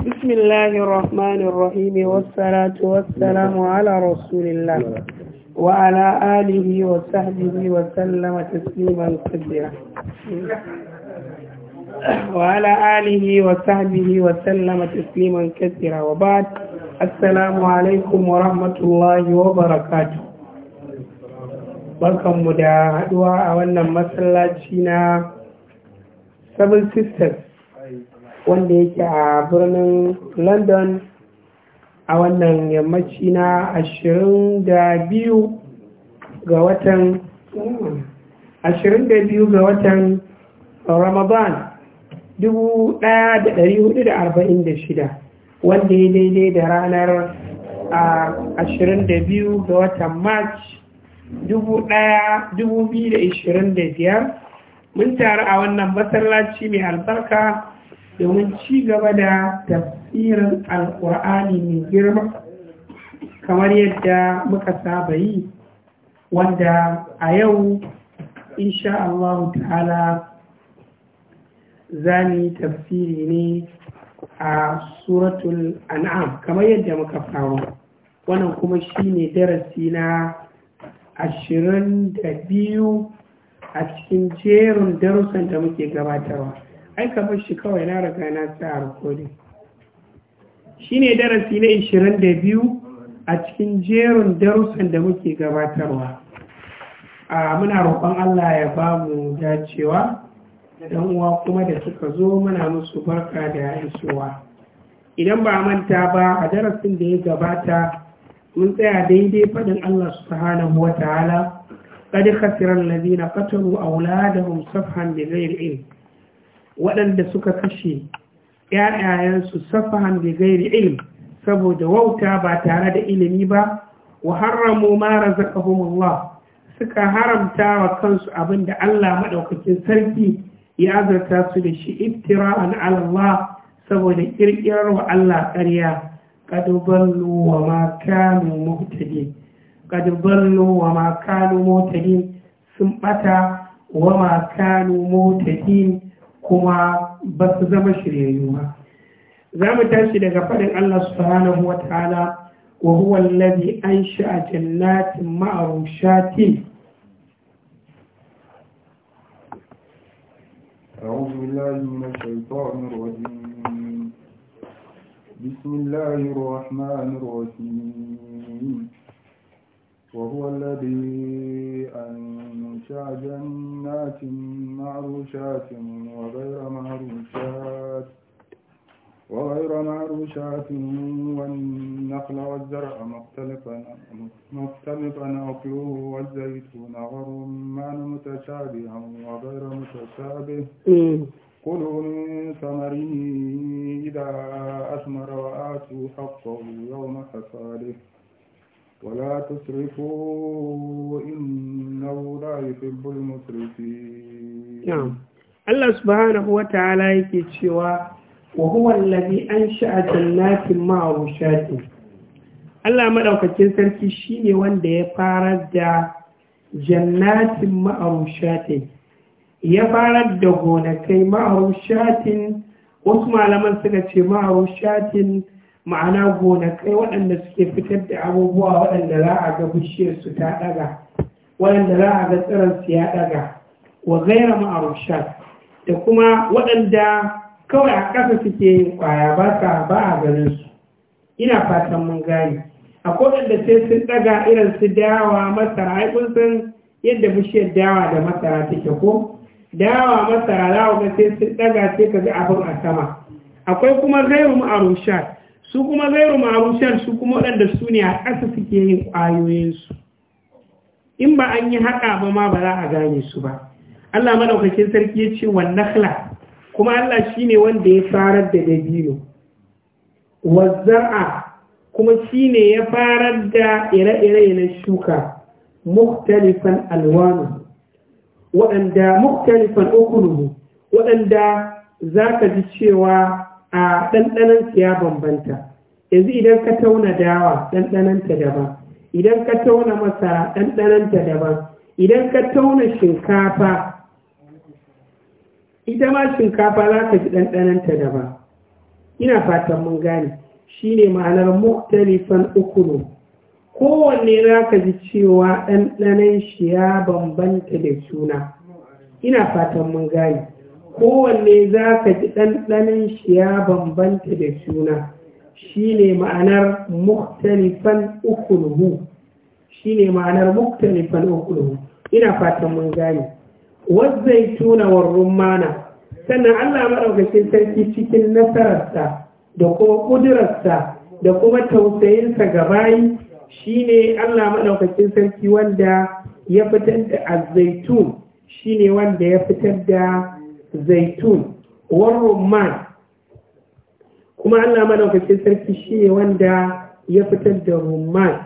بسم الله الرحمن الرحيم والصلاة والسلام على رسول الله وعلى آله وصحبه وسلم تسليما كثيرا وعلى آله وصحبه وسلم تسليما كثيرا وبعد السلام عليكم ورحمة الله وبركاته barkanmu da haduwa a wannan masallaci na seven sisters wanda yake a birnin london a wannan yammaci na ashirin da biyu ga watan ga watan ramadan dubu ɗaya da ɗari da arba'in da shida wanda ya daidai da ranar ashirin da biyu ga watan march dubu biyu da da biyar mun taru a wannan masallaci mai albarka domin ci gaba da tafsirin alkur'ani mai girma kamar yadda muka saba yi wanda a yau insha Allah ta'ala zani tafsiri ne a suratul an'am kamar yadda muka faro wannan kuma shine darasi na ashirin da biyu a cikin jerin darussan da muke gabatarwa ai kamar shi kawai na raga na sa a rikodin ne darasi na 22 a cikin jerin darussan da muke gabatarwa a muna roƙon Allah ya ba mu dacewa da uwa kuma da suka zo muna musu barka da ya isowa idan ba manta ba a darasin da ya gabata mun tsaya daidai faɗin Allah subhanahu wa ta'ala qad khasira allazina da musamman da zai ri'in waɗanda suka kashe ‘ya'yayensu safahan da gairi ilm saboda wauta ba tare da ilimi ba wa haramu mara zakahumullah suka haramta wa kansu abin da Allah maɗaukakin sarki ya azarta su da shi an Allah saboda ƙirƙirar wa Allah ƙarya ƙaduballu wa makanu kano ƙaduballu sun ɓata wa makanu muhtadin kuma ba su zama shiryayyu ba za mu tashi daga faɗin Allah subhanahu wa ta'ala wa huwa alladhi ansha'a jannatin ma'rushatin أعوذ بالله من الشيطان الرجيم بسم الله الرحمن الرحيم وهو الذي أنشأ معروشات جنات معروشات وغير معروشات وغير معروشات والنخل والزرع مختلفا مختلفا أكله والزيتون والرمان متشابها وغير متشابه كلوا من ثمره إذا أثمر وآتوا حقه يوم حصاده ولا تسرفوا إنه لا يحب المسرفين نعم الله سبحانه وتعالى يكتشوا وهو الذي أنشأ جنات مع رشات Allah maɗaukakin sarki shine wanda ya fara da jannatin ma'arushatin ya fara da gonakai ma'arushatin wasu malaman suka ce ma'arushatin ma'ana gona kai waɗanda suke fitar da abubuwa waɗanda za a ga bishiyarsu ta ɗaga waɗanda za a ga tsiransu ya ɗaga wa gaira ma'arusha da kuma waɗanda kawai a ƙasa suke yin ƙwaya ba sa ba a ganin su ina fatan mun gane A waɗanda sai sun ɗaga irin su dawa masara ai kun san yadda bishiyar dawa da masara take ko dawa masara za ga sai sun ɗaga sai ka ga abin a sama akwai kuma gairu ma'arusha su kuma zairu ma'arushan su kuma waɗanda su ne a ƙasa suke yin ƙwayoyinsu in ba an yi haɗa ba ma ba za a gane su ba Allah maɗaukakin sarki ya ce wa nakhla kuma Allah shi ne wanda ya farar da dabino wa zar'a kuma shi ne ya farar da ire-ire na shuka muktalifan alwanu waɗanda muktalifan okunu waɗanda za ka ji cewa a ɗanɗanan ya bambanta yanzu idan ka tauna dawa ɗanɗananta daban idan ka tauna masara ɗanɗananta daban idan ka tauna shinkafa ita ma shinkafa za ka ji ɗanɗananta daban ina fatan mun gane shi ne ma'anar muktalifan ukuru kowanne za ka ji cewa ɗanɗanan shi ya bambanta da juna ina fatan mun gane kowanne za ka ji ɗanɗanin shi ya bambanta da suna shi ne ma'anar muktalifan ukuluhu shi ne ma'anar muktalifan ukuluhu ina fatan mun gane wazzai tuna warrun rumana sannan allah maɗaukacin sarki cikin nasararsa da kuma ƙudurarsa da kuma tausayinsa ga bayi shi ne allah maɗaukacin sarki wanda ya fitar da azzaitun shi ne wanda ya fitar da zaitun rumman kuma allah madaukakin sarki shi wanda ya fitar da rumman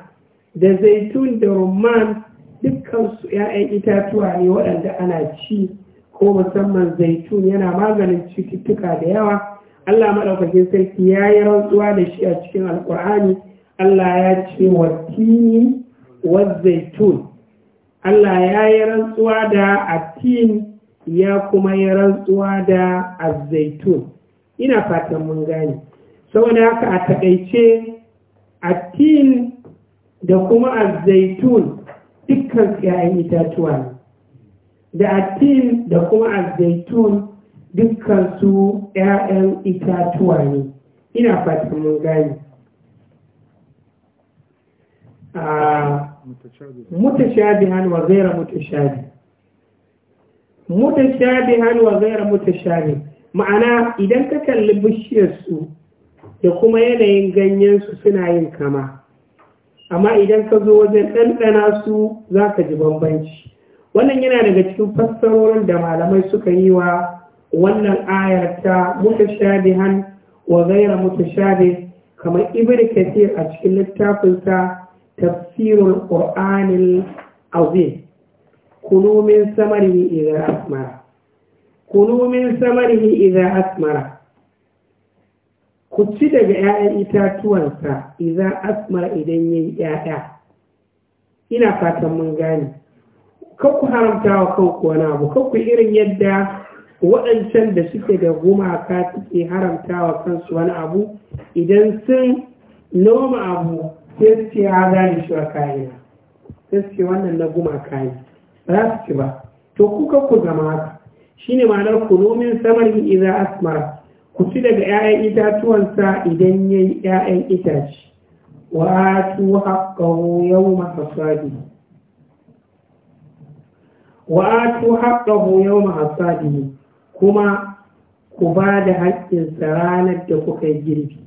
da zaitun da rumman dukkansu 'ya'yan itatuwa ne waɗanda ana ci ko musamman zaitun yana maganin cututtuka da yawa allah maɗaukakin sarki ya yi rantsuwa da shi a cikin alkur'ani allah ya ce wa tini wa zaitun allah ya yi rantsuwa da tini ya kuma ya rantsuwa da azzaitun ina fatan mun gane saboda haka a takaice tin da kuma azzaitun dukkan ‘ya'yan itatuwa ne, da tin da kuma azzaitun dukkan su ‘ya'yan itatuwa ne ina fatan mun gane متشابه متشابه وغير متشابه mutashabihan wa ghayra mutashabih ma'ana idan ka kalli bishiyarsu da kuma yanayin ganyen su suna yin kama amma idan ka zo wajen ɗanɗana su za ka ji bambanci wannan yana daga cikin fassarorin da malamai suka yi wa wannan ayar ta mutashabihan wa ghayra mutashabih kamar ibnu kathir a cikin littafinsa tafsirul qur'anil azim kulu min samarihi idza asmara kulu samarihi idza asmara ku ci daga 'ya'yan itatuwansa idza asmara idan yayi 'ya'ya ina fatan mun gane kan ku haramta wa kanku wani abu kan irin yadda waɗancan da suke da gumaka suke haramta wa kansu wani abu idan sun noma abu sai suke ce shi wa kayina sai suke wannan na gumaka ne ba za su ci ba to kuka ku zama haka ne ma'anar ku samar samarin iza asmara ku ci daga 'ya'yan itatuwansa idan ya yi 'ya'yan itace wa atu haƙƙahu yau mahasadi wa atu yau mahasadi kuma ku ba da haƙƙinsa ranar da kuka yi girbi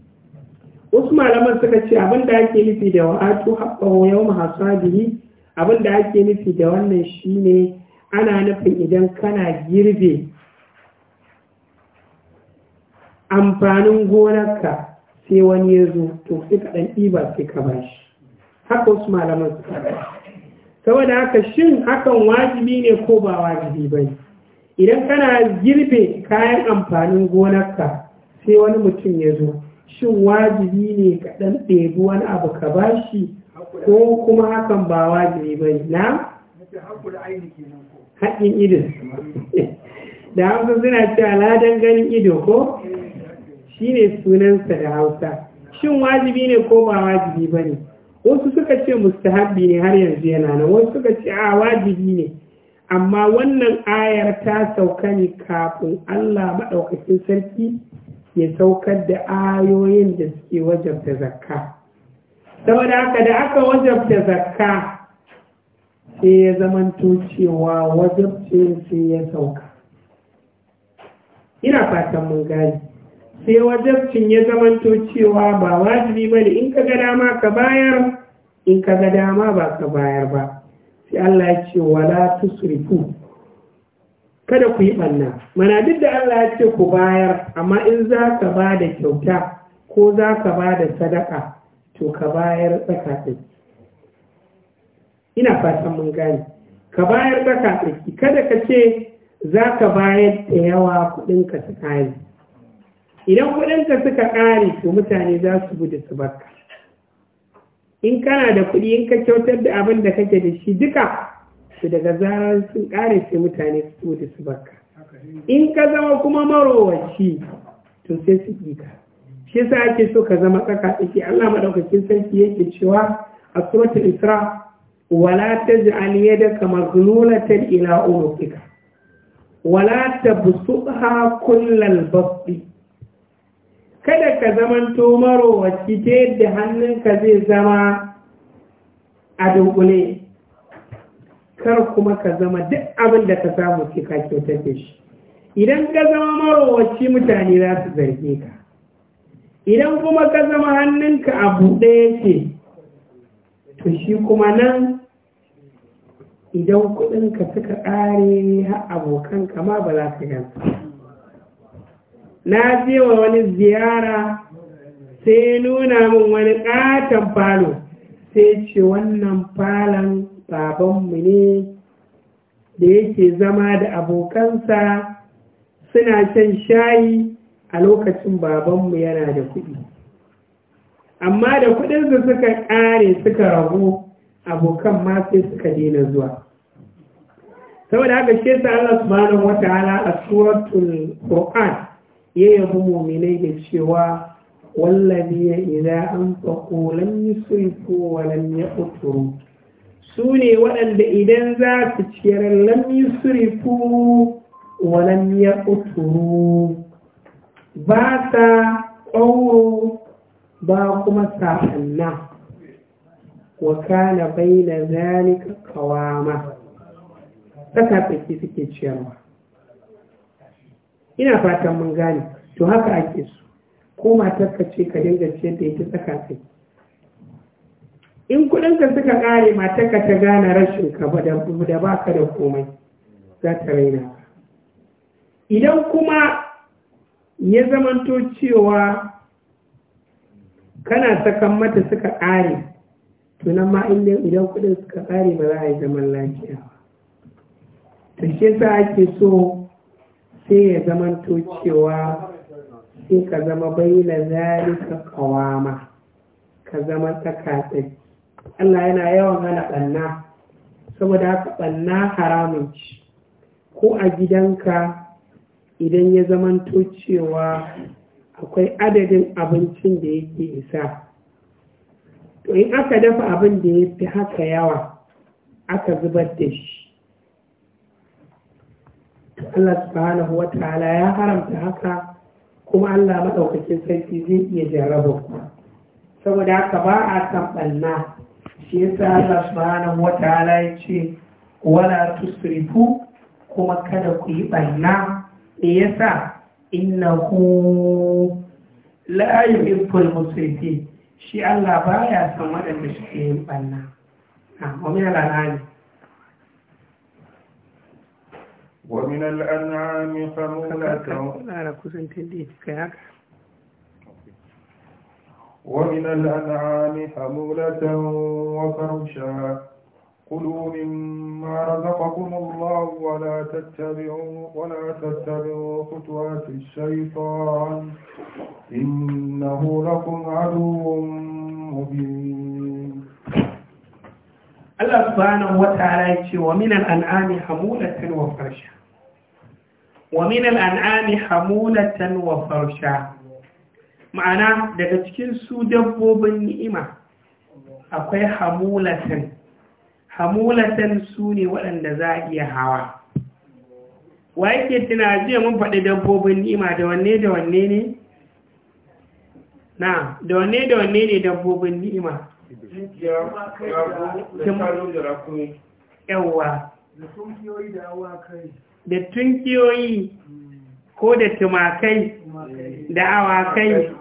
wasu malaman suka ce abin da ake nufi da wa'atu haƙƙawo yau mahasadi abin da ake nufi da wannan shine ana nufin idan kana girbe amfanin gonarka sai wani ya zo to sai ka ɗan ɗiba sai ka bashi haka wasu malaman su kaɗa saboda haka shin hakan wajibi ne ko ba wajibi ba idan kana girbe kayan amfanin gonarka sai wani mutum ya zo shin wajibi ne ka ɗan ɗebi wani abu ka bashi ko kuma hakan ba wajibi ba ne na haƙƙin ido da hausa suna ce aladen ganin ido ko ne sunansa da hausa shin wajibi ne ko ba wajibi ba ne wasu suka ce mustahabbi ne har yanzu yana nan wasu suka ce a wajibi ne amma wannan ayar ta sauka ne kafin allah maɗaukakin sarki ya saukar da ayoyin da suke wajabta zakka saboda haka da aka wajabta zakka sai ya zamanto cewa wajabce sai ya sauka ina fatan mun gani sai wajabcin ya zamanto cewa ba wajibi ba ne in ka ga dama ka bayar in ka ga dama ba ka bayar ba sai Allah ya ce wala tusrifu kada ku yi ɓanna mana duk da Allah ya ce ku bayar amma in za ka ba da kyauta ko za ka ba da sadaka to ka bayar tsaka ina fatan mun gane ka bayar tsaka kada ka ce za ka bayar da yawa kuɗinka su ƙare idan kuɗinka suka ƙare to mutane za su gudu su baka in kana da kuɗi in ka kyautar da abin da kake da shi duka su daga zarar sun ƙare sai mutane su gudu su baka in ka zama kuma marowaci to sai su ƙi ka shi sa ake so ka zama tsaka tsaki Allah madaukakin sarki yake cewa a suratul isra wala taj'al yadaka maghlulatan ila unuqika wala tabsutha kullal basti kada ka zamanto marowaci ta yadda hannunka zai zama a dunkule kar kuma ka zama duk abin da ka samu kyautar da shi idan ka zama marowaci mutane za su zarge ka idan kuma ka zama hannunka a buɗe yake to shi kuma nan idan kuɗinka suka ƙare har abokan kama ba za ka yanta na je wa wani ziyara sai nuna min wani ƙaton falo sai ce wannan falon babanmu ne da yake zama da abokansa suna shan shayi a lokacin babanmu yana da kuɗi amma da kuɗin kuɗinsu suka ƙare suka ragu abokan ma sai suka daina zuwa saboda haka shi yasa Allah subhanahu wataala a suratul Qur'an ya yabo mu'minai da cewa wallazi ya idza anfaqu lam yusrifu wa lam yaqturu su ne waɗanda idan za su ciyar lam yusrifu wa lam yaqturu ba sa ƙauro ba kuma sa'anna wa kana bai na zalika kawama saka tsaki suke ciyarwa ina fatan mun gane to haka ake so ko ka ce ka dinga ciyar da ita saka tsaki in kudinka suka kare matarka ta gane rashin ka da baka da komai za ta raina idan kuma ya zamanto cewa kana sakan mata suka ƙare tunan ma idan kudin suka ƙare ba za a yi zaman lafiya ta ake so sai ya zamanto cewa sai ka zama bayyana ka kawama ka zama tsakatsaki Allah yana yawan hana ɓanna saboda haka ɓanna haramun ci ko a gidanka idan ya zamanto cewa akwai adadin abincin da yake isa to in aka dafa abin da ya fi haka yawa aka zubar da shi Allah subhanahu wa ta'ala ya haramta haka kuma Allah maɗaukakin sarki zai iya jarraba saboda haka ba a san ɓanna shi yasa Allah subhanahu wa ta'ala ya ce wala tusrifu kuma kada ku yi ɓanna me yasa ku la yuhibbul musrifin shi Allah baya son waɗanda suke yin ɓanna na wani al'ani ومن الأنعام حمولة ومن الأنعام حمولة وفرشا كلوا مما رزقكم الله ولا تتبعوا ولا تتبعوا خطوات الشيطان إنه لكم عدو مبين الله سبحانه وتعالى ومن الأنعام حمولة وفرشا ومن الأنعام حمولة وفرشا معناه daga cikin su dabbobin ni'ima akwai hamulatan hamulatan su ne waɗanda za a iya hawa wa yake tuna jiya mun faɗi dabbobin ni'ima da wanne da wanne ne na da wanne da wanne ne dabbobin ni'ima yawwa da tunkiyoyi ko da tumakai da awakai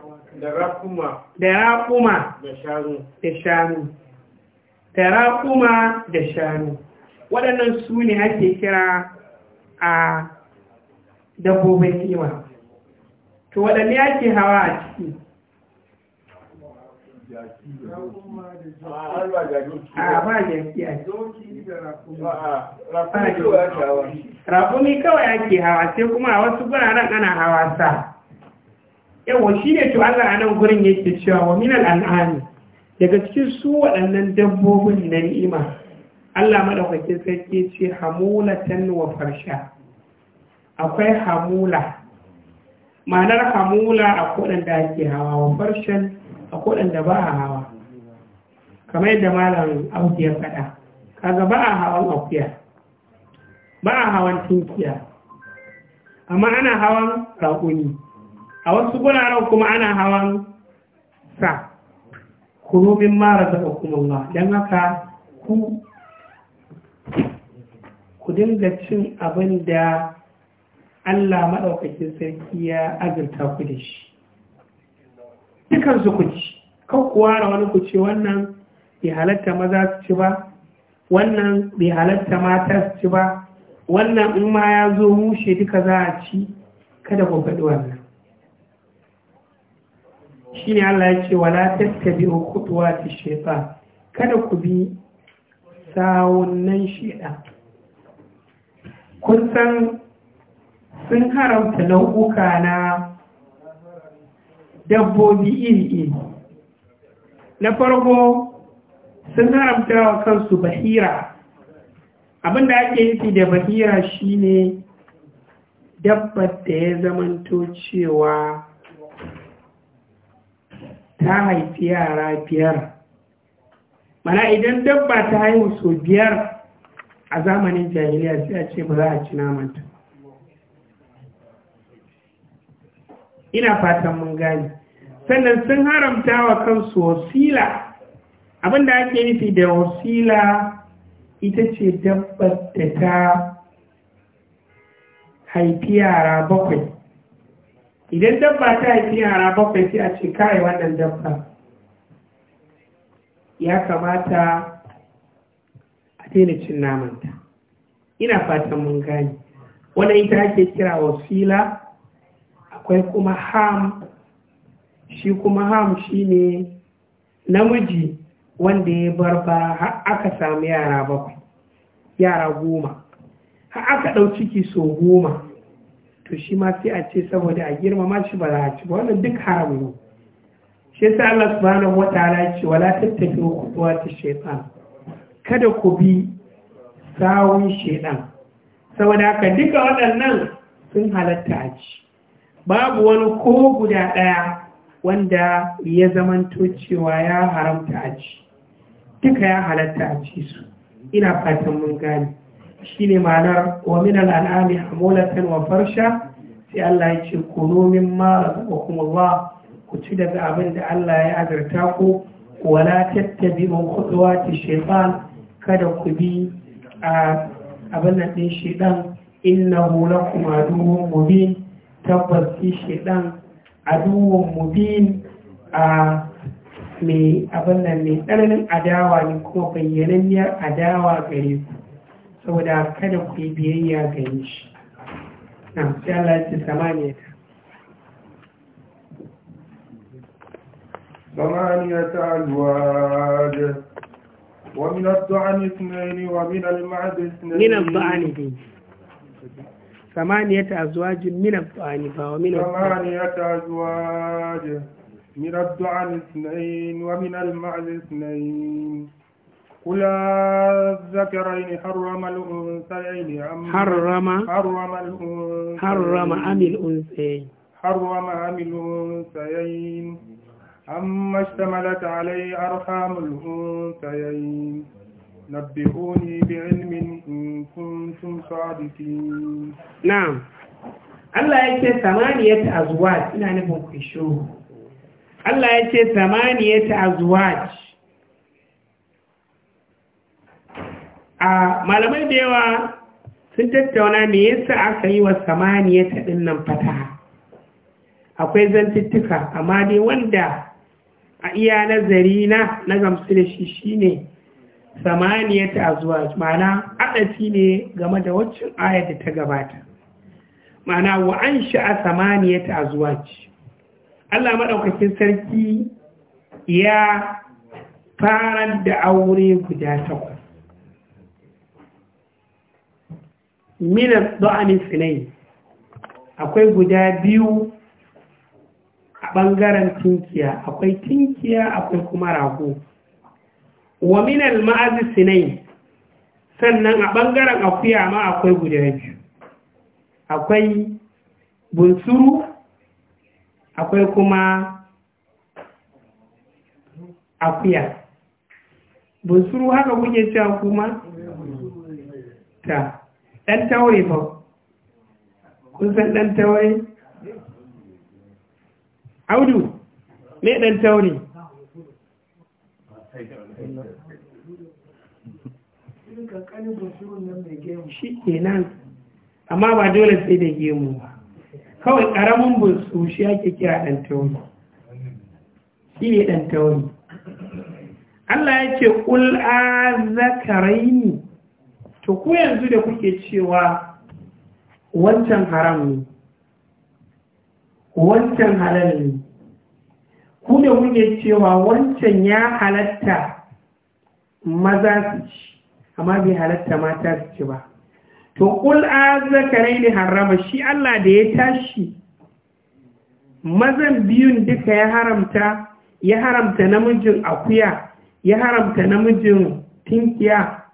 da raƙuma da shanu da da shanu waɗannan su ne ake kira a dabbobin kima to waɗanne ake hawa a ciki rafumi ba jaki a kawai ake hawa sai kuma a wasu guraren ana hawa sa yawon shi ne to Allah a nan gurin yake cewa wa minan al'ani daga cikin su waɗannan dabbobin na ni'ima Allah maɗaukakin sarki ce hamulatan wa farsha akwai hamula ma'anar hamula a koɗan da ake hawa wa farshen a koɗan da ba a hawa kamar yadda malam auki ya kaga ba a hawan akuya ba a hawan tunkiya amma ana hawan raƙuni a wasu guraren kuma ana hawan sa kunu min mara da hukumullah don haka ku ku dinga cin abin da Allah maɗaukakin sarki ya azurta ku da shi dukansu ku ci kan wani ku ce wannan bai halatta maza su ci ba wannan bai halatta mata su ci ba wannan in ma ya zo mushe duka za a ci kada ku faɗi wannan shine Allah ya ce wala tattabi'u ta shaytan kada ku bi sawunan shida kun san sun haramta nau'uka na dabbobi iri-iri na farko sun haramta wa kansu bahira Abin da ake yi da bahira shine dabbar da ya zamanto cewa ta haifi yara biyar mana idan dabba ta haihu so biyar a zamanin jahiliya sai a ce ba za a ci namanta ina fatan mun gani sannan sun haramta wa kansu wasila abinda ake nufi da wasila ita ce dabbar da ta haifi yara bakwai idan dabba ta haifi yara bakwai sai a ce kai wannan dabba ya kamata a daina cin namanta ina fatan mun gani Wani ita ake kira fila, akwai kuma ham shi kuma ham shi ne namiji wanda ya barbara har aka samu yara bakwai yara goma har aka ɗau ciki so goma to shi ma sai a ce saboda a girmama shi ba za a ci ba wannan duk haram ne shi sai Allah subhanahu wataala ya ce wala tattabi'u ta shaytan kada ku bi sawun shaytan saboda haka duka waɗannan sun halatta a ci babu wani ko guda ɗaya wanda ya zamanto cewa ya haramta a ci duka ya halatta a ci su ina fatan mun gane shine ma'anar wa min al'ami hamulatan wa farsha sai Allah ya ce kunu mimma razaqakum Allah ku ci daga abin da Allah ya azurta ku wala tattabi'u khutuwati shaytan kada ku bi a abin nan din shaytan innahu lakum aduwwun mubin tabbas shi shaytan aduwwun mubin a mai abin nan mai tsananin adawa ne kuma bayyananniyar adawa gare ku saboda kada ku yi biyayya ga yi shi na sai Allah ya ce samaniyata ثمانية أزواج ومن الطعن اثنين ومن المعد اثنين من الطعن ثمانية أزواج من الطعن ومن ثمانية أزواج من الطعن اثنين ومن المعد اثنين كلا الذكرين حرم الأنثيين حرم حرم الأنثيين حرم أم الأنثيين حرم أم الأنثيين أما اشتملت عليه أرحام الأنثيين نبئوني بعلم إن كنتم صادقين نعم الله ya ثمانية أزواج azwaj ina nufin الله shiru ثمانية أزواج a malamai da yawa sun tattauna me yasa aka yi wa samaniya ta dinnan fataha akwai zantuttuka amma dai wanda a iya nazari na na gamsu da shi shine samaniya ta zuwa ma'ana adasi ne game da waccan ayar da ta gabata ma'ana wa an sha'a samaniya ta zuwa ce Allah maɗaukakin sarki ya farar da aure guda takwas minan do'amin sinai akwai guda biyu a ɓangaren tinkiya akwai tinkiya akwai kuma rago wa minan ma'azi sinai sannan a ɓangaren akuya ma akwai guda biyu akwai bunsuru akwai kuma akuya bunsuru haka kuke cewa kuma ta ɗan tawaye fa kun san ɗan tawaye audu me ɗan tawaye shi kenan amma ba dole sai da gemu ba kawai ƙaramin bunsu shi ake kira ɗan tawaye shi ne ɗan tawaye Allah ya ce ƙul'a zakarai ne to ku yanzu da kuke cewa wancan haram ne wancan halal ne ku da kuke cewa wancan ya halatta maza su ci amma bai halatta mata su ci ba to kul zakarai ne harama shi Allah da ya tashi mazan biyun duka ya haramta ya haramta namijin akuya ya haramta namijin tinkiya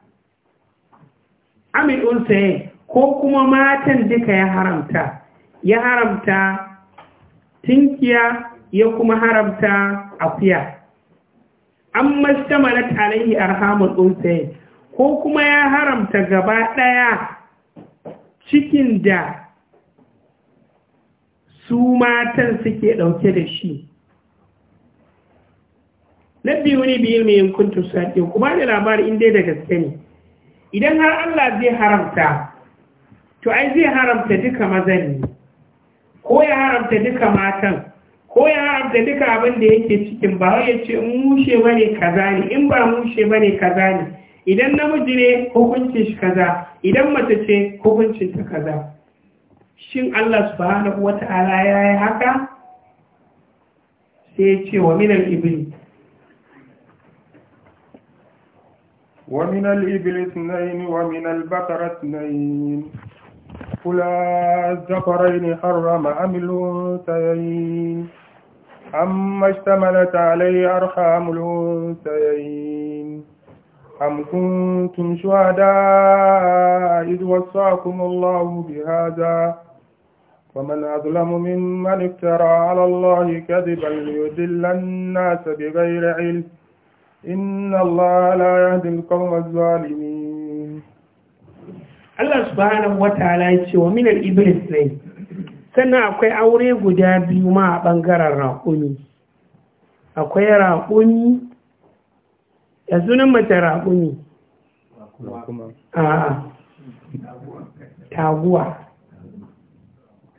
amin unsaye ko kuma matan duka ya haramta ya haramta tinkiya ya kuma haramta akuya an mastamalat alaihi arhamul unsaye ko kuma ya haramta gaba ɗaya cikin da su matan suke ɗauke da shi na biyu ne biyu mai yankuntu sa'adiyar kuma da labarin inda da gaske ne idan har Allah zai haramta to ai zai haramta duka maza ne ko ya haramta duka matan ko ya haramta duka abin da yake cikin ba wai ya ce in mushe bane kaza ne in ba mushe bane kaza ne idan namiji ne hukuncin shi kaza idan mace ce hukuncin ta kaza shin Allah subhanahu wata'ala ya yi haka sai ya ce wa minan ibni ومن الإبل اثنين ومن البقر اثنين كلا الذكرين حرم أم الأنثيين أما اشتملت عليه أرحام الأنثيين أم كنتم شهداء إذ وصاكم الله بهذا ومن أظلم ممن افترى على الله كذبا ليدل الناس بغير علم إن الله لا يهدي القوم الظالمين Allah subhanahu wa ta'ala ya ce wa minar iblis ne sannan akwai aure guda biyu ma a ɓangaren raƙumi akwai raƙumi ya sunan mace raƙumi a taguwa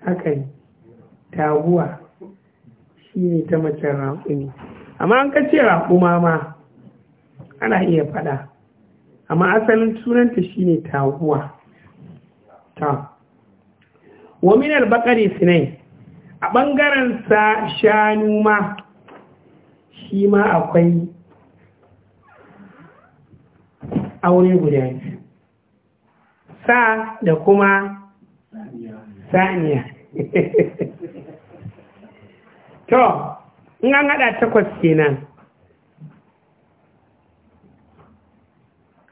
haka taguwa shi ne ta mace raƙumi amma an kace raƙuma ma ana iya faɗa amma asalin sunanta shine taguwa ta wa min al-baqari sinai a ɓangaren sa shanu ma shi ma akwai aure guda biyu sa da kuma saniya to in an haɗa takwas kenan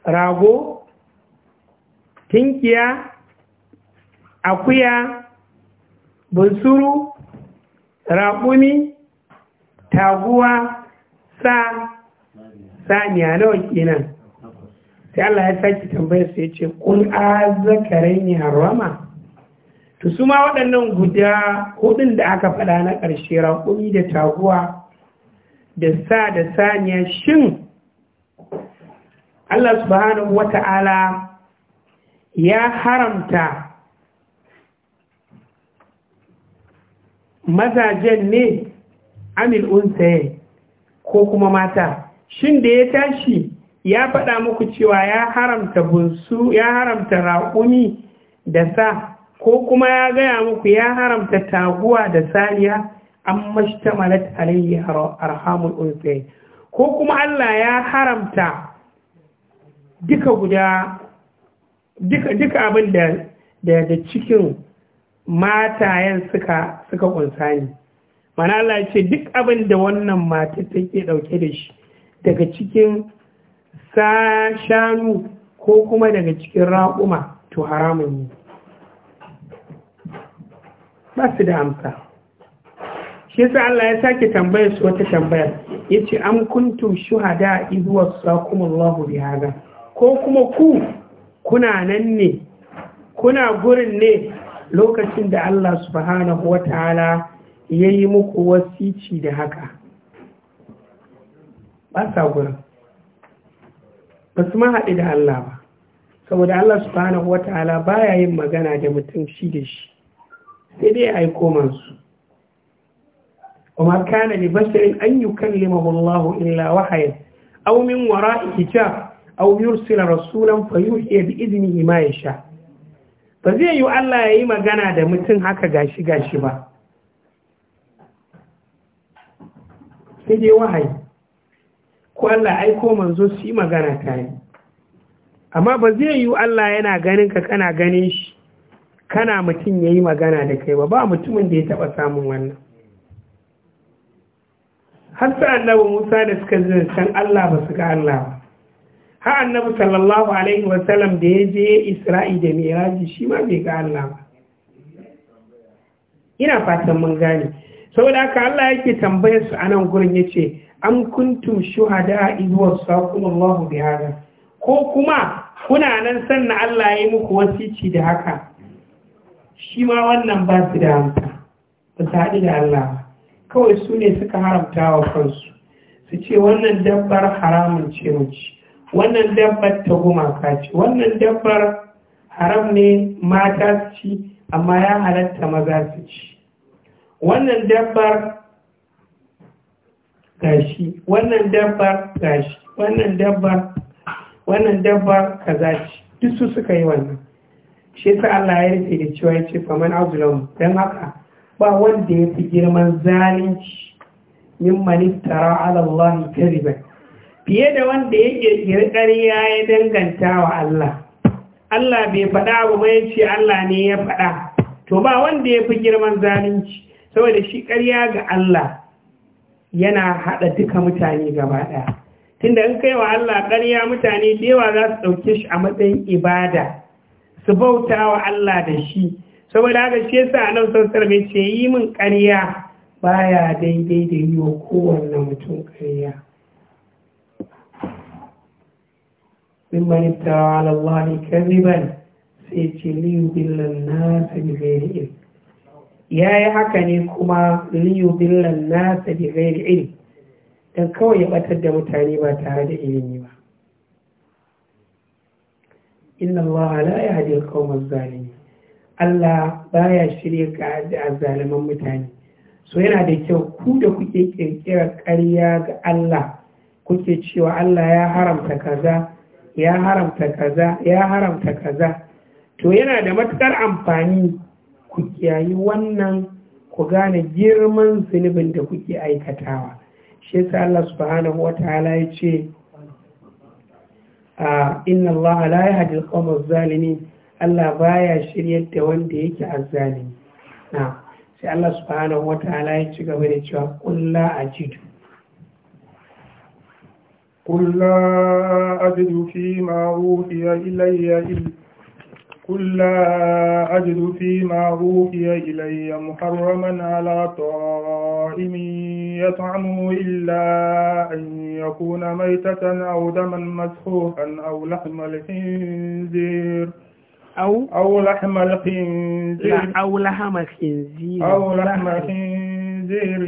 rago tinkiya akuya bunsuru raƙumi taguwa sa saniya nawa kenan sai Allah ya saki tambayar sai ce kun azzakarai ne a harama to su ma waɗannan guda hudun da aka faɗa na ƙarshe raƙumi da taguwa da sa da saniya shin Allah subhanahu wa ta'ala ya haramta mazajen ne amil unsaye ko kuma mata shin da ya tashi ya faɗa muku cewa ya haramta bunsu ya haramta raƙumi da sa ko kuma ya gaya muku ya haramta taguwa da saniya an mashtamalat alayyar arhamul unsaye ko kuma Allah ya haramta duka guda duka abin da da cikin matayen suka kunsa ne mana Allah ce duk abin da wannan mata take dauke da shi daga cikin shanu ko kuma daga cikin raƙuma to haramun ne ba su da amsa shi yasa Allah ya sake tambayar su wata tambayar yace am kuntum shuhada idh wasaqakum Allahu ko kuma ku kuna nan ne kuna gurin ne lokacin da Allah subhanahu wa ta'ala ya yi muku wasici da haka ba sa gurin ba su mahaɗi da Allah ba saboda Allah subhanahu wa ta'ala ya yin magana da mutum shi da shi sai dai aiko mansu kana ne لبشر an yi kan limahullahu illa wahayin aumin wara'i hijab aw yursila rasulan fa yuhi bi iznihi ma yasha ba zai yi Allah ya yi magana da mutum haka gashi gashi ba sai dai wahayi ko Allah aiko manzo su yi magana tare amma ba zai yi Allah yana ganin ka kana ganin shi kana mutum ya yi magana da kai ba ba mutumin da ya taba samun wannan har sa annabi Musa da suka zai san Allah ba su ga Allah ba ha annabi sallallahu alaihi wasallam da ya je isra'i da miraji shi ma bai ga Allah ba ina fatan mun gane saboda haka Allah yake tambayar su anan gurin yace am kuntum shuhada idh wasakum Allah bi hada ko kuma kuna nan sanna Allah ya yi muku wasici da haka shi ma wannan ba su da amsa ba su haɗu da Allah kawai su ne suka haramta wa kansu su ce wannan dabbar haramun ce mace wannan dabbar ta gumaka ce wannan dabbar haram ne mata su ci amma ya halatta maza su ci wannan dabbar gashi wannan dabbar gashi wannan dabbar wannan dabbar kaza ce duk su suka yi wannan shi sa Allah ya rufe da cewa ya ce faman azulam dan haka ba wanda ya fi girman zalunci min man ala Allah kadiban fiye da wanda ya ƙirƙiri ƙarya ya danganta wa Allah Allah bai faɗa abu ba ya ce Allah ne ya faɗa to ba wanda ya fi girman zalunci saboda shi ƙarya ga Allah yana haɗa duka mutane gaba ɗaya tunda in kai wa Allah ƙarya mutane da yawa za su ɗauke shi a matsayin ibada su bauta wa Allah da shi saboda haka shi yasa nan sassar mai ce yi min ƙarya baya daidai da yi wa kowanne mutum ƙarya mimman iftara ala ba kadiban sai ce liyubillan nasa bi iri. Ya yi haka ne kuma liyubillan nasa bi iri? dan kawai ya batar da mutane ba tare da ilimi ba inna Allah la ya hadi qawma adh Allah baya shirya ka da azzaliman mutane so yana da kyau ku da kuke kirkira ƙarya ga Allah kuke cewa Allah ya haramta kaza ya haramta kaza ya haramta kaza to yana da matukar amfani ku kiyayi wannan ku gane girman zunubin da kuke aikatawa shi yasa Allah subhanahu wataala ya ce ah, inna Allah la yahdi al qawm zalimin Allah baya shiryar da wanda yake azzalimi na sai Allah subhanahu wataala ya ci gaba da cewa kullu ajidu قل لا أجد فيما أوحي إلي إلا قل لا أجد فيما أوحي إلي محرما على طائم يطعمه إلا أن يكون ميتة أو دما مسحوقا أو لحم الخنزير أو أو لحم الخنزير أو لحم الخنزير أو لحم الخنزير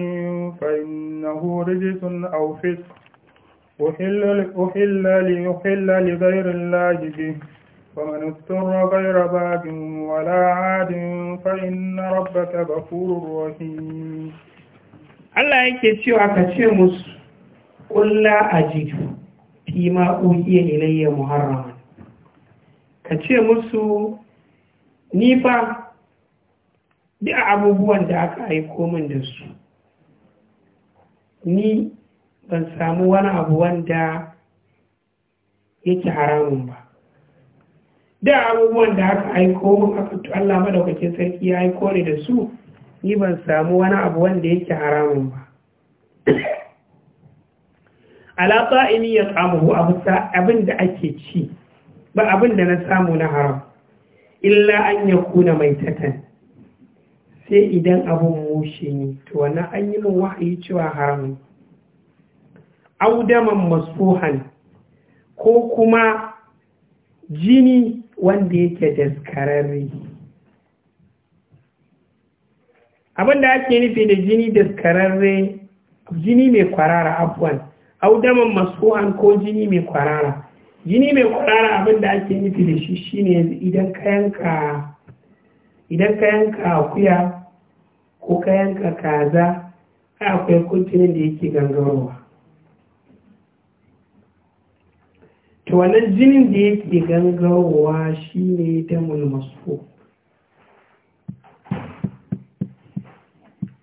فإنه رجس أو فسق أحل, ليحل لغير الله به ومن اضطر غير باب ولا عاد فإن ربك غفور رحيم Allah yake cewa ka ce musu kulla ajidu fi ma ilayya muharraman ka ce musu ni fa duk abubuwan da aka aiko min da su ni ban samu wani abu wanda yake haramun ba da abubuwan da aka aiko mun Allah madaukakin sarki ya aiko ne da su ni ban samu wani abu wanda yake haramun ba ala ta'imi ya tsamuhu abin da ake ci ba abin da na samu na haram illa an ya kuna mai tatan sai idan abin mushe ne to wannan an yi min wahayi cewa haram audaman masuhan ko kuma jini wanda yake daskararre abinda ake nufi da jini daskararre jini mai kwarara afwan audaman masuhan ko jini mai kwarara jini mai kwarara abinda ake nufi da shi shine idan kayanka idan ka yanka akuya ko ka yanka kaza akwai kuntunin da yake gangarowa to wannan jinin da yake gangarowa shi ne ta masu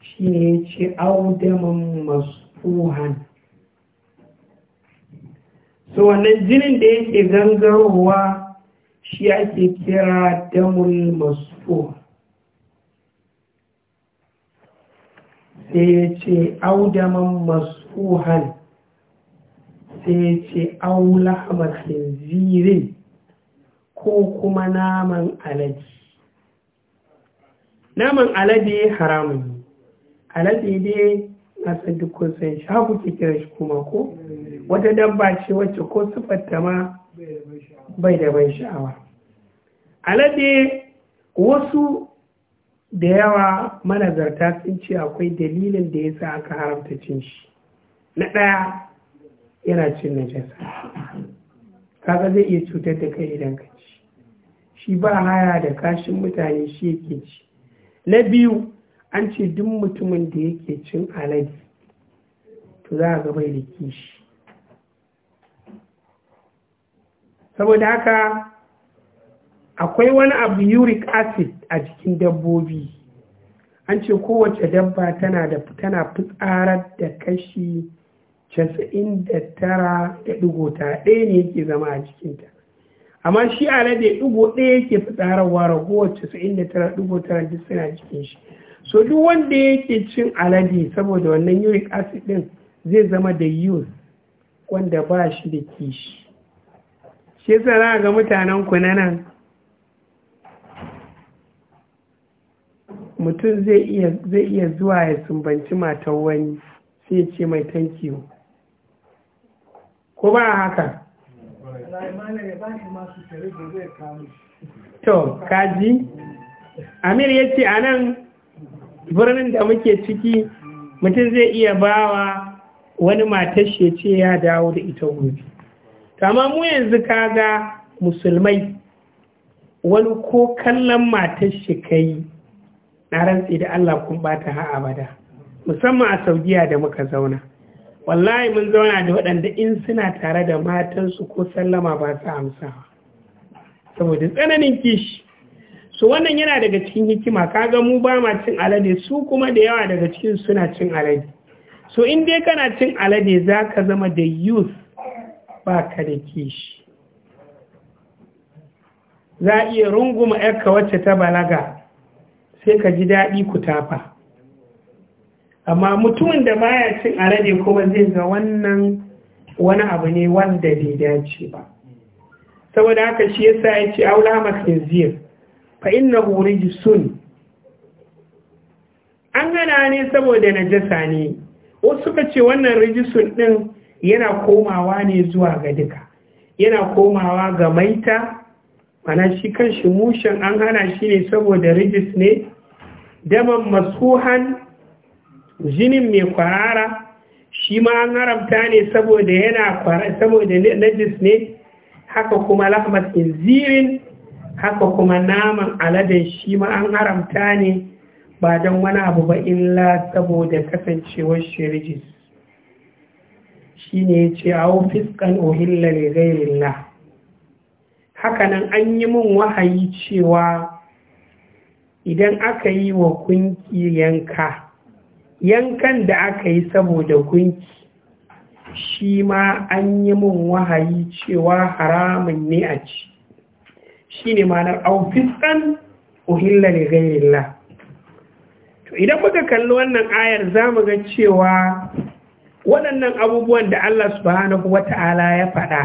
shi ne ya ce audaman masuhan so wannan jinin da yake gangarowa shi ake kira damul masu sai ya ce audaman masuhan sai ce aula hamar hinzirin ko kuma naman alaji. naman alade haramun alade dai na duk kun san shi haku ke kira shi kuma ko wata dabba ce wacce ko sufatta ma bai da ban sha'awa alade wasu da yawa manazarta sun ce akwai dalilin da ya sa aka haramta cin shi na ɗaya yana cin najasa kaga zai iya cutar da kai idan ka ci shi ba haya da kashin mutane shi yake ci na biyu an ce duk mutumin da yake cin alade to za a ga bai da kishi saboda haka akwai wani abu uric acid a jikin dabbobi an ce kowace dabba tana da tana fitsarar da kashi casa'in da tara da ɗigo tara ɗaya ne yake zama a cikinta amma shi alade ɗigo ɗaya yake fitsararwa, ragowar casa'in da tara ɗigo tara duk suna cikin shi so duk wanda yake cin alade saboda wannan uric acid ɗin zai zama da yus wanda ba shi da kishi shi yasa za ga mutanen ku na nan mutum zai iya zuwa ya sumbanci matar wani sai ce mai tankiyo ko ba haka to kaji amir ya ce a birnin da muke ciki mutum zai iya bawa wani matashe ce ya dawo da ita gobe kama mu yanzu kaga musulmai wani ko kallon matashe kai na rantsi da allah kun bata ha abada musamman a saudiya da muka zauna wallahi mun zauna da waɗanda in suna tare da matansu ko sallama ba su amsawa saboda tsananin kishi su wannan yana daga cikin hikima kaga mu ba ma cin alade su kuma da yawa daga cikin suna cin alade so in dai kana cin alade za ka zama da youth ba ka da kishi za a iya runguma yarka wacce ta balaga sai ka ji daɗi ku tafa amma mutumin da baya cin alade kuma zai ga wannan wani abu ne wanda bai dace ba saboda haka shi yasa ya ce aula ziyar. fa innahu rijsun an gana ne saboda najasa ne wasu suka ce wannan rijisun ɗin yana komawa ne zuwa ga duka yana komawa ga maita mana shi kan shi mushen an hana shi ne saboda rijis ne daman masuhan jinin mai kwarara shi ma an haramta ne saboda yana kwarara saboda najis ne haka kuma lahmat inzirin haka kuma naman aladen shi ma an haramta ne ba don wani abu ba illa saboda kasancewar shirijis. shi ne ya ce awo fiskan ohilla ne gairillah hakanan an yi min wahayi cewa idan aka yi wa kunki yanka yankan da aka yi saboda gunki shi ma an yi mun wahayi cewa haramun ne a ci shi ne manar aufiskan uhilla ne gairillah to idan muka kalli wannan ayar za mu ga cewa waɗannan abubuwan da Allah subhanahu wata'ala ya faɗa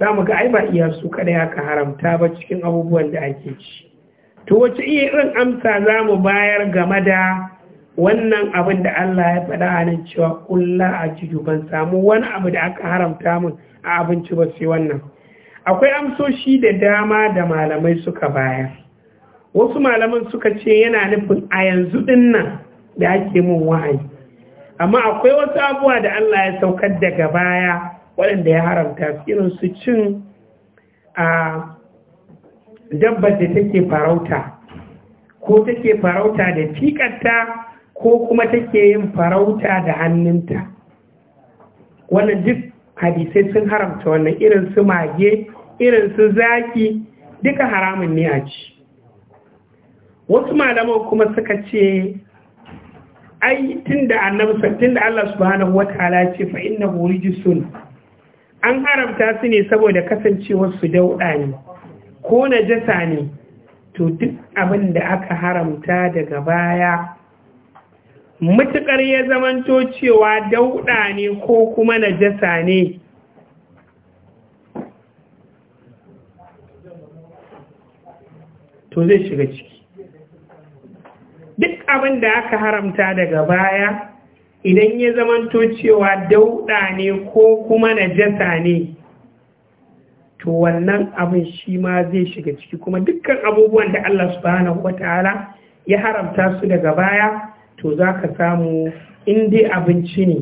za mu ga ai ba iya su kada ya ka haramta ba cikin abubuwan da ake ci to wace iya irin amsa za mu bayar game da wannan abin da Allah ya faɗa a nan cewa kulla a ciki ban samu wani abu da aka haramta mun a abinci ba sai wannan akwai amsoshi da dama da malamai suka baya. wasu malaman suka ce yana nufin a yanzu din nan da ake mun wa'ayi amma akwai wasu abubuwa da Allah ya saukar daga baya waɗanda ya haramta irin su cin a dabbar da take farauta ko take farauta da fikarta ko kuma take yin farauta da hannunta wannan duk hadisai sun haramta wannan irin su mage irin su zaki duka haramun ne a ci wasu malaman kuma suka ce ai tunda annabi tunda Allah subhanahu wataala ce fa innahu rijsun an haramta su ne saboda kasancewar su dauda ne ko najasa ne to duk abin da aka haramta daga baya mutuƙar ya zamanto cewa dauɗa ne ko kuma najasa ne to zai shiga ciki duk abin da aka haramta daga baya idan ya zamanto cewa dauɗa ne ko kuma najasa ne to wannan abin shi ma zai shiga ciki kuma dukkan abubuwan da Allah subhanahu wataala ya haramta su daga baya to za ka samu inda abinci ne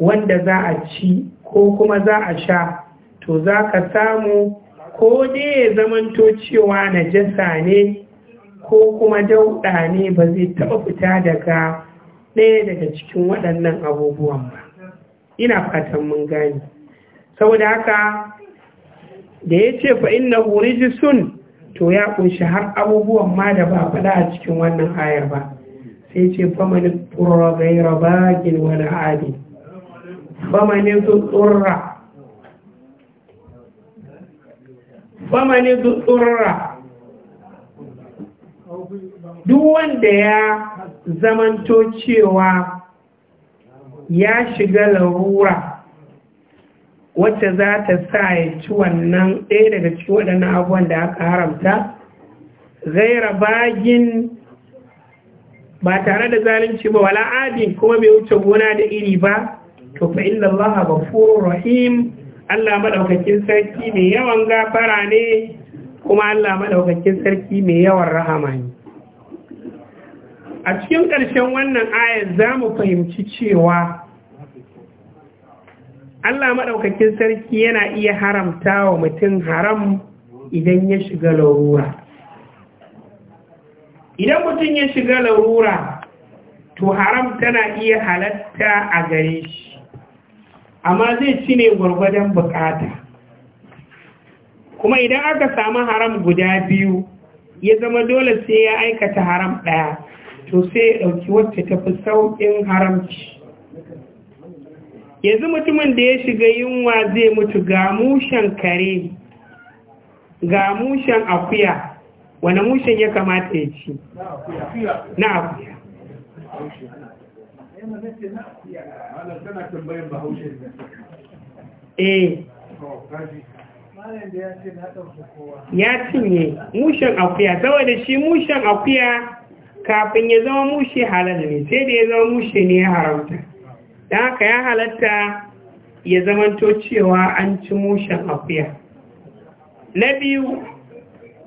wanda za a ci ko kuma za a sha to za ka samu ko dai ya zamanto cewa najasa ne ko kuma dauɗa ne ba zai taɓa fita daga ɗaya daga cikin waɗannan abubuwan ba ina fatan mun gani saboda haka da ya ce fa inna sun to ya kunshi har abubuwan ma da ba faɗa a cikin wannan ayar ba sai ce famanin turra raba bakin wani adi famanin tsurra famanin turra duk wanda ya zamanto cewa ya shiga larura wacce za ta sa ya ci wannan ɗaya daga cikin waɗannan abubuwan da aka haramta zaira bagin ba tare da zalunci ba wala adin kuma bai wuce gona da iri ba to fa inna allaha ghafurur rahim Allah madaukakin sarki mai yawan gafara ne kuma Allah madaukakin sarki mai yawan rahama ne a cikin ƙarshen wannan ayar za mu fahimci cewa Allah maɗaukakin sarki yana iya haramta wa mutum haram idan ya shiga larura. idan mutum ya shiga larura to haram tana iya halatta a gare shi amma zai ci ne gwargwadon bukata kuma idan aka samu haram guda biyu ya zama dole sai ya aikata haram ɗaya to sai ya ɗauki wacce tafi fi sauƙin haramci yanzu mutumin da ya shiga yunwa zai mutu ga kare ga akuya wani mushen ya kamata ya ci na akuya eh ya cinye mushen akuya saboda shi mushin akuya kafin ya zama mushe halar ne sai da ya zama mushe ne ya haramta don haka ya halatta ya zamanto cewa an ci mushin akuya na biyu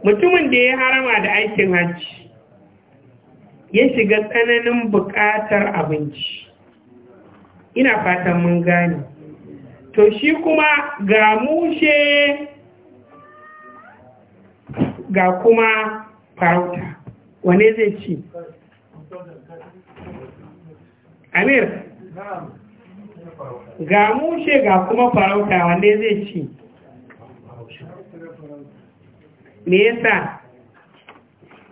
mutumin da ya harama da aikin hajji ya shiga tsananin buƙatar abinci ina fatan mun gane to shi kuma ga mushe ga kuma farauta wane zai ci amir ga mushe ga kuma farauta wane zai ci me yasa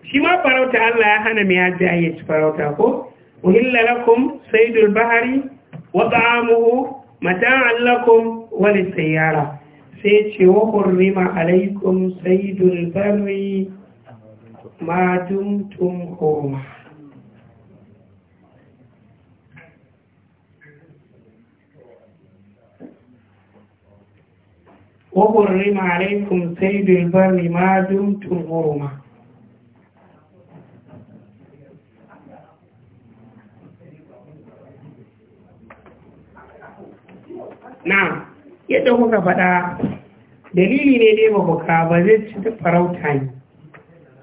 shi ma farauta Allah ya hana mai hajji a yi farauta ko uhilla lakum saydul bahari wa ta'amuhu mata'an lakum wa sai ce wa hurrima alaikum saydul barri ma dumtum huma وحرم عليكم سيد البر ما دمتم حرما na'am yadda kuka faɗa dalili ne dai ba kuka ba zai ci farauta ne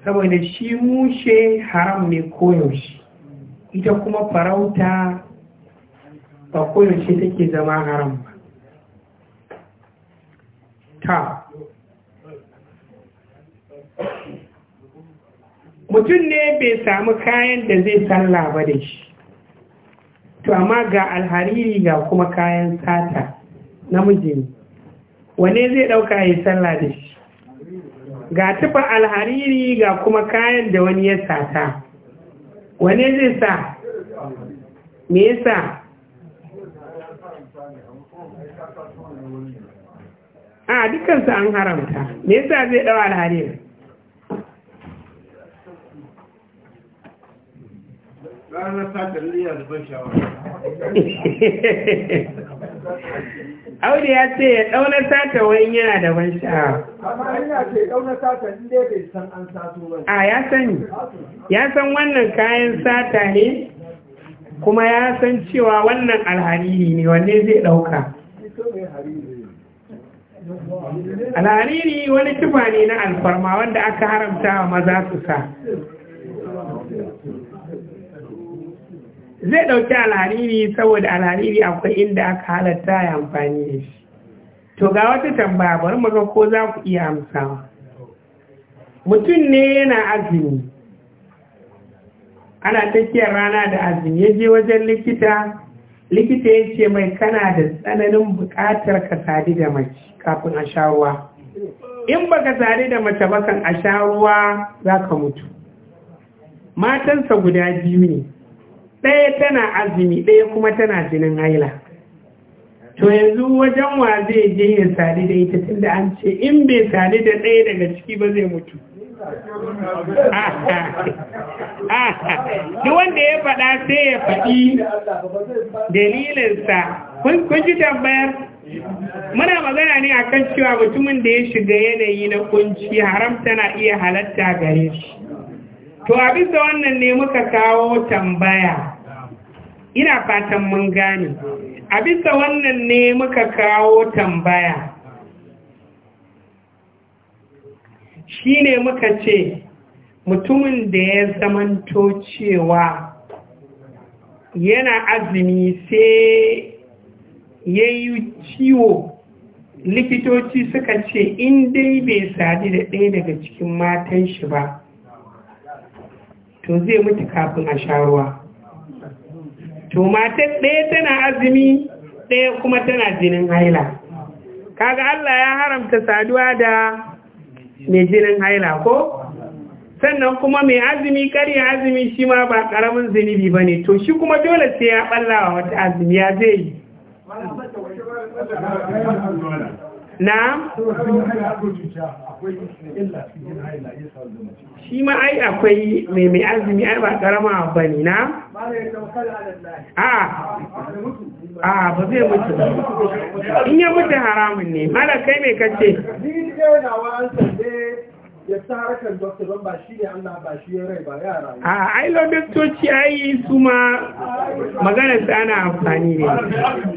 saboda shi mushe haram ne koyaushe ita kuma farauta ba koyaushe take zama haram mutum ne bai samu kayan da zai salla ba da shi to amma ga alhariri ga kuma kayan sata na wane zai ɗauka ya salla da shi ga tufa alhariri ga kuma kayan da wani ya sata wane zai sa me yasa a dukansu an haramta me yasa zai dawa alhari Audu ya ce ya ɗaunar sata wani yana da ban sha'awa. Amma ce ɗaunar sata san an sato ba. A ya sani, ya san wannan kayan sata ne, kuma ya san cewa wannan alhariri ne wanne zai ɗauka. Ito mai hariri. alhariri wani tufani na alfarma wanda aka haramta wa maza su sa zai ɗauki alhariri saboda alhariri akwai inda aka halatta ya amfani da shi to ga wata tambaya bari maza ko za ku iya amsawa mutum ne yana azumi ana tsakiyar rana da azumi ya je wajen likita likita ya ce mai kana da tsananin bukatar ka sadi da mace kafin a sha ruwa in baka tare da mace bakan a sha ruwa za ka mutu matansa guda biyu ne ɗaya tana azumi ɗaya kuma tana jinin haila to yanzu wajen wa zai je ya sadu da ita tunda an ce in bai sadu da ɗaya daga ciki ba zai mutu duk wanda ya faɗa sai ya faɗi dalilinsa kun ji tambayar muna magana ne a kan cewa mutumin da ya shiga yanayi na kunci haram tana iya halatta gare shi to a bisa wannan ne muka kawo tambaya ina fatan mun gane a bisa wannan ne muka kawo tambaya shi ne muka ce mutumin da ya zamanto cewa yana azumi sai ya yi ciwo likitoci suka ce in dai bai sadu da ɗaya daga cikin matan shi ba to zai mutu kafin a sha ruwa to matan ɗaya tana azumi ɗaya kuma tana jinin haila kaga Allah ya haramta saduwa da mai jinin haila ko sannan kuma mai azumi karya azumi shi ma ba ƙaramin zunubi ba ne to shi kuma dole sai ya ɓallawa wata azumi ya zai yi na'am shi ma ai akwai mai mai azumi ai ba ƙarama ba ne na a A! ba zai mutu in ya mutu haramun ne mara kai mai kace ya ta harkar doktor ba shi ne Allah ba shi ya rai ba yara ne. A ai lo su ma magana ana amfani ne.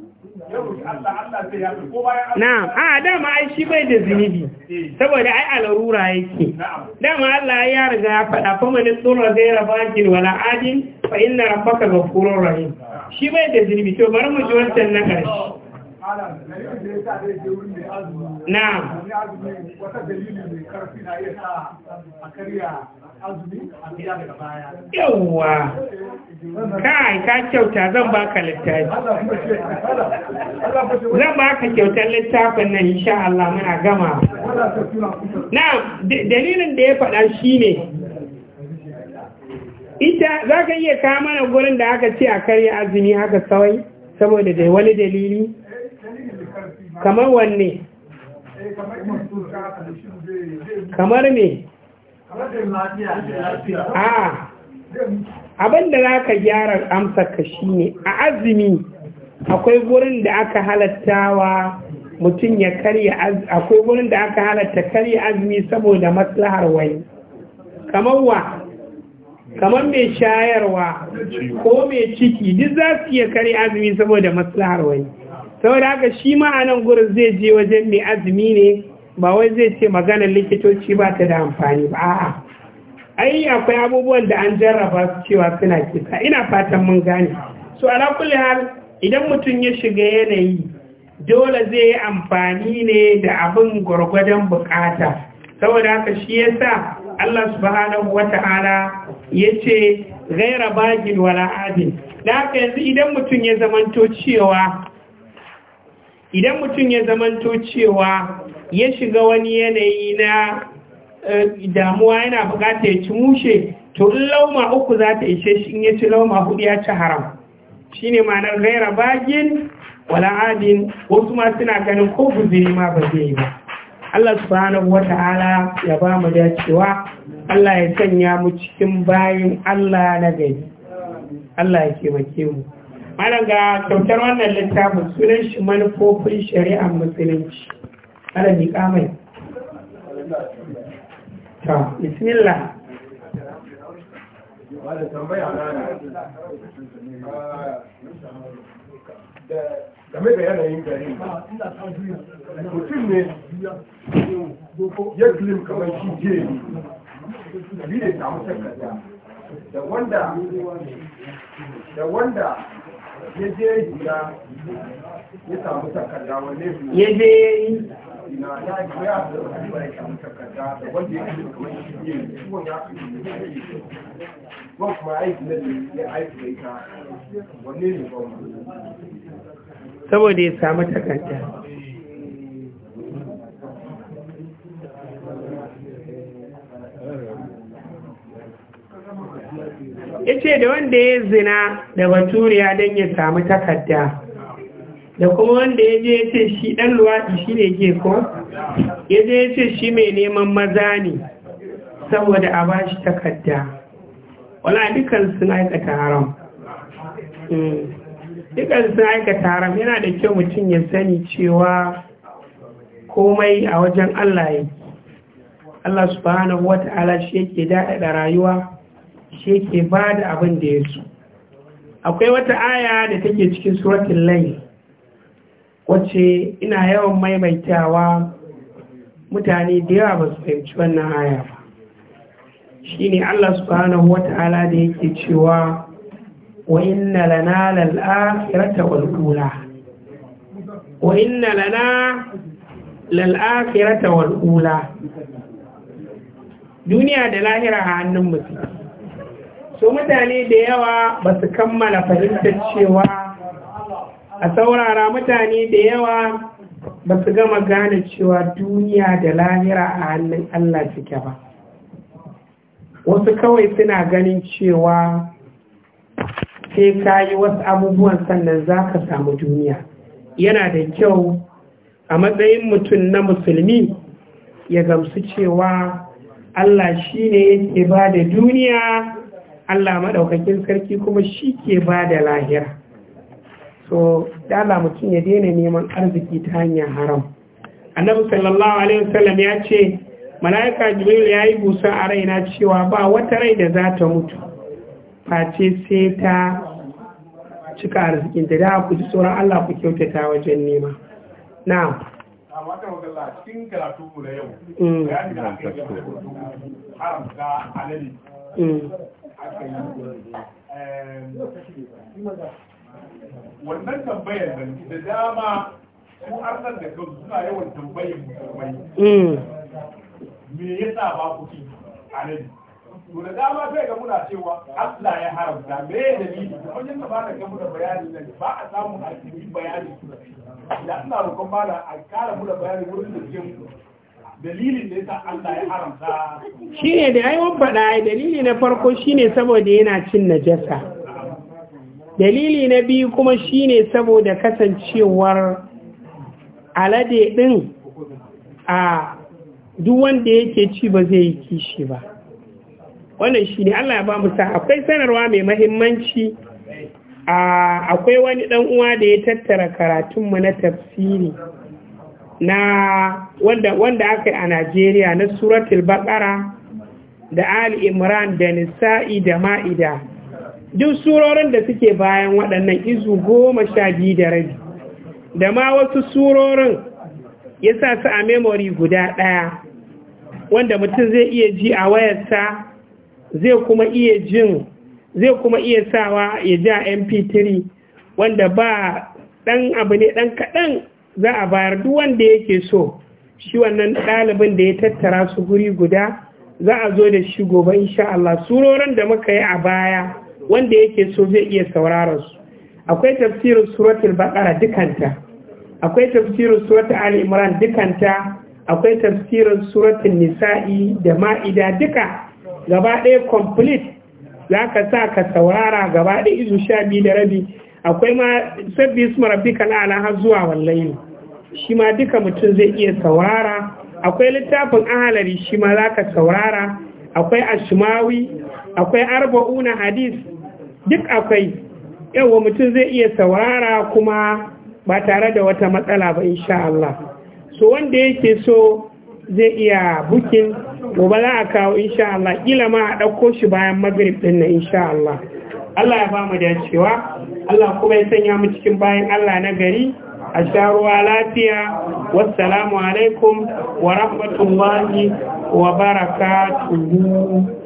na'am a dama ai shi bai da zunubi eh. saboda ai alarura yake dama Allah ya riga ya faɗa fa man tsura gaira bakin wala adin fa inna rabbaka ghafurur rahim shi bai da zunubi to bari mu ji wannan na ƙarshe oh. na'am yawwa kai ka kyauta zan ba ka littafi zan ba ka kyautar littafin nan insha Allah muna gama na dalilin da ya faɗa shi ne. ita za ka iya kawo mana gurin da aka ce a karya azumi haka kawai saboda da wani dalili kamar wanne eh, kamar me a ah. ah. abin da za ka gyara ka shi ne a azumi akwai wurin da aka halatta wa mutum ya karya akwai wurin da aka halatta karya azumi saboda maslahar wani kamar wa kamar mai shayarwa ko mai ciki duk za su iya karya azumi saboda maslahar wani saboda haka shi ma a nan gurin zai je wajen mai azumi ne ba wai zai ce maganar likitoci ba ta da amfani ba a'a ai akwai abubuwan da an jarraba su cewa suna kisa ina fatan mun gane Su ala kulli hal idan mutum ya shiga yanayi dole zai yi amfani ne da abin gwargwadon bukata saboda haka shi yasa Allah subhanahu wata'ala yace ghaira bagin wala adin da haka yanzu idan mutum ya zamanto cewa idan mutum ya zamanto cewa ya shiga wani yanayi na eh, damuwa yana bukata ya ci mushe to in lauma uku za ta ishe shi in ya ci lauma hudu ya ci haram shi ne ma'anar gaira bagin wala adin wasu ma suna ganin ko guziri ma ba zai yi ba Allah subhanahu wata'ala ya ba mu dacewa Allah ya sanya mu cikin bayin Allah na gari Allah ya kebake mu malam ga kyautar wannan littafin sunan shi manufofin shari'ar musulunci ala miƙa mai ta bismillah ya glim kamar shi ne samu takarda da wanda ya je ya samu takarda wanne ya je saboda ya samu takarda ya ce da wanda ya zina da baturiya don ya samu takarda da kuma wanda ya je ya ce shi ɗan luwaɗi shi ne ke ko ya je ya ce shi mai neman maza ne saboda a ba shi takarda wala dukkan sun aikata haram hmm. Dukkan sun aikata haram yana da kyau mutum ya sani cewa komai a wajen Allah ya Allah subhanahu wa ta'ala shi yake daɗaɗa rayuwa shi yake ba da abin da ya su akwai wata aya da take cikin suratun layi. wacce ina yawan maimaitawa mutane da yawa ba su fahimci wannan aya ba shi ne Allah subhanahu wata'ala da yake cewa wa inna lana lal'akhirata wal ula wa inna lana wal ula duniya da lahira a hannun mutum so mutane da yawa ba su kammala fahimtar cewa a saurara mutane da yawa ba su gama gane cewa duniya da lahira a hannun Allah suke ba wasu kawai suna ganin cewa sai ka yi wasu abubuwan sannan za ka samu duniya yana da kyau a matsayin mutum na musulmi ya gamsu cewa Allah shi ne yake ba da duniya Allah maɗaukakin sarki kuma shi ke ba da lahira so dala mutum ya daina neman arziki ta hanyar haram annabi sallallahu alaihi wasallam ya ce mala'ika jibril ya yi busa a raina cewa ba wata rai da za ta mutu face sai ta cika arzikinta da ku ji tsoron allah ku kyautata wajen nema na'am cikin karatu na Mm. Mm. da aka yi haramta alali aka yi wannan tambayar nan da dama ko arnan da kan suna yawan tambayar musulmai hmm. me yasa ba ku ci nan to da dama sai ga muna cewa Allah ya haramta me ya dalili da wajen da kan ga muna bayani nan ba a samu a cikin bayani da ina roƙon bana a kara muna bayani wurin da cikin dalilin da yasa Allah ya haramta shine da ai mun faɗa dalili na farko shine saboda yana cin najasa dalili na biyu kuma shine saboda kasancewar alade ɗin a duk wanda yake ci ba zai yi kishi ba wannan shi ne Allah ya ba mu sa akwai sanarwa mai mahimmanci akwai wani ɗan uwa da ya tattara karatunmu na tafsiri na wanda, wanda aka yi a Najeriya na suratul baqara da Ali Imran da Nisa'i da Ma'ida duk surorin da suke bayan waɗannan izu goma sha biyu da rabi da ma wasu surorin ya sa su a memori guda ɗaya wanda mutum zai iya ji a wayarsa zai kuma iya jin zai kuma iya sawa ya ji a mp3 wanda ba ɗan abu ne ɗan kaɗan za a bayar duk wanda yake so shi wannan ɗalibin da ya tattara su guri guda za a zo da shi gobe insha Allah surorin da muka yi a baya wanda yake so zai iya sauraron su akwai tafsirin suratul baqara dukanta akwai tafsirin suratul ali imran dukanta akwai tafsirin suratul nisa'i da ma'ida duka gaba ɗaya complete zaka sa ka saurara gaba ɗaya izu sha biyu da rabi akwai ma sabbi ismu rabbika ala har zuwa wallahi shi ma duka mutum zai iya saurara akwai littafin ahalari shi ma zaka saurara akwai ashmawi akwai arba'una hadis duk akwai yawa mutum zai iya saurara kuma ba tare da wata matsala ba insha Allah so wanda yake so zai iya bukin gobe za a kawo insha Allah kila ma a ɗauko shi bayan magrib ɗin na insha Allah Allah ya bamu da cewa Allah kuma ya sanya mu cikin bayan Allah na gari a sha ruwa lafiya wassalamu alaikum wa rahmatullahi wa barakatuhu